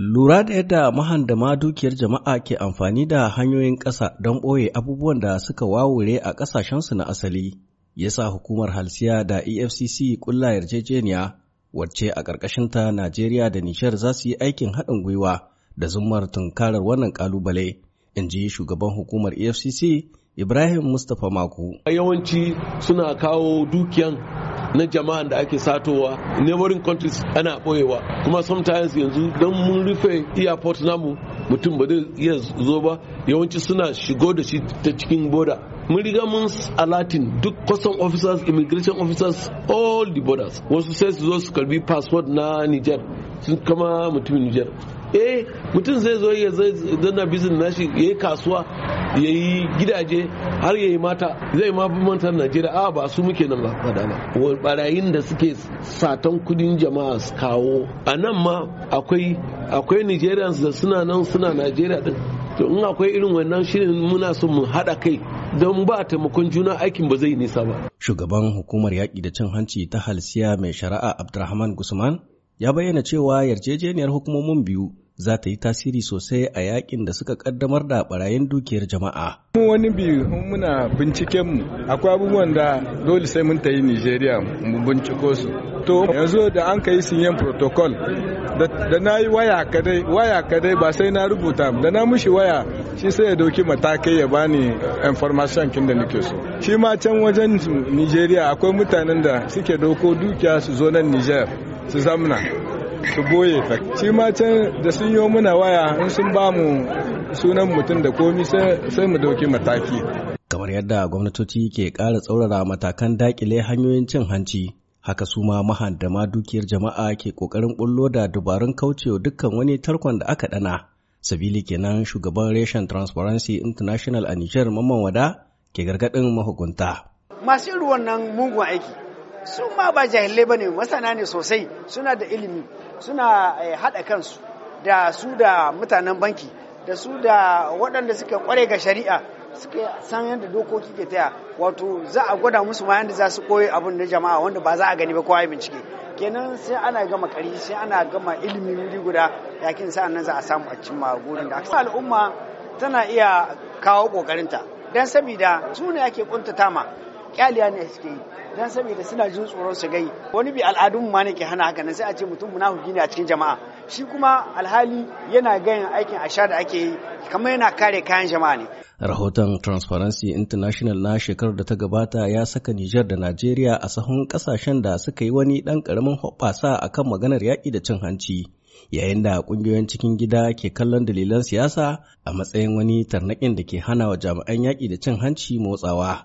Lura da yadda mahandama dukiyar jama'a ke amfani da hanyoyin ƙasa don ɓoye abubuwan da suka wawure a ƙasashensu na asali, ya sa hukumar halsiya da EFCC ƙulla yarjejeniya, wacce a ƙarƙashinta Najeriya da Nishar za su yi aikin haɗin gwiwa da zummar tunkarar wannan ƙalubale, in ji shugaban hukumar EFCC Ibrahim Mustapha Maku. Yawanci suna kawo dukiyan na jama'an da ake satowa neighboring countries ana boyewa kuma sometimes yanzu don mun rufe airport namu mutum ba zai iya zo ba yawanci suna shigo da shi ta cikin boda mun riga mun alatin duk custom officers immigration officers all the borders wasu sai su zo su karbi passport na niger sun kama mutumin niger eh mutum zai zo ya zana bizin nashi ya yi kasuwa ya yi gidaje har ya yi mata zai ma fi mantar najeriya a ba su muke nan fada ba barayin da suke satan kudin jama'a su kawo a nan ma akwai akwai nigerians da suna nan suna najeriya din to in akwai irin wannan shirin muna so mu haɗa kai don ba taimakon juna aikin ba zai nisa ba. Shugaban hukumar yaƙi da cin hanci ta halsiya mai shari'a Abdurrahman Gusman ya bayyana cewa yarjejeniyar hukumomin biyu za ta yi tasiri sosai a yakin da suka kaddamar da barayin dukiyar jama'a. Mun wani biyu muna binciken mu akwai abubuwan da dole sai mun ta yi Nigeria mu binciko su. To yanzu da an kai sinyen protocol da na yi waya kadai waya kadai ba sai na rubuta da na mushi waya shi sai ya dauki matakai ya bani information kin da nake so. Shi ma can wajen Nigeria akwai mutanen da suke doko dukiya su zo nan Niger su zamna. su boye shi ma can da sun yi muna waya in sun ba mu sunan mutum da komi sai mu dauki mataki kamar yadda gwamnatoci ke ƙara tsaurara matakan dakile hanyoyin cin hanci haka su ma mahandama dukiyar jama'a ke ƙoƙarin bullo da dubarun kaucewa dukkan wani tarkon da aka ɗana sabili kenan shugaban reshen transparency international a nijar mamman wada ke gargaɗin mahukunta masu irin wannan mugun aiki su ma ba jahilai ba ne masana ne sosai suna da ilimi suna eh, haɗa kansu da su da mutanen banki da su da waɗanda suka kware ga shari'a suka san yadda dokoki ke taya wato za a gwada musu ma yadda za su koyi abin da jama'a wanda ba za a gani ba kowa bincike kenan sai ana gama kari sai ana gama ilimi wuri guda yakin sa'an nan za a samu a cimma gurin da aka al'umma tana iya kawo kokarinta dan sabida su ne ake kuntata ma kyaliya ne suke yi dan saboda suna jin tsoron su gai wani bi al'adun ma ne ke hana haka nan sai a ce mutum munafiki ne a cikin jama'a shi kuma alhali yana gayin aikin asha da ake yi kamar yana kare kayan jama'a ne rahoton transparency international na shekarar da ta gabata ya saka nijar da najeriya a sahun kasashen da suka yi wani dan karamin hoɓɓasa akan maganar yaƙi da cin hanci yayin da kungiyoyin cikin gida ke kallon dalilan siyasa a matsayin wani tarnaƙin da ke hana wa jami'an yaƙi da cin hanci motsawa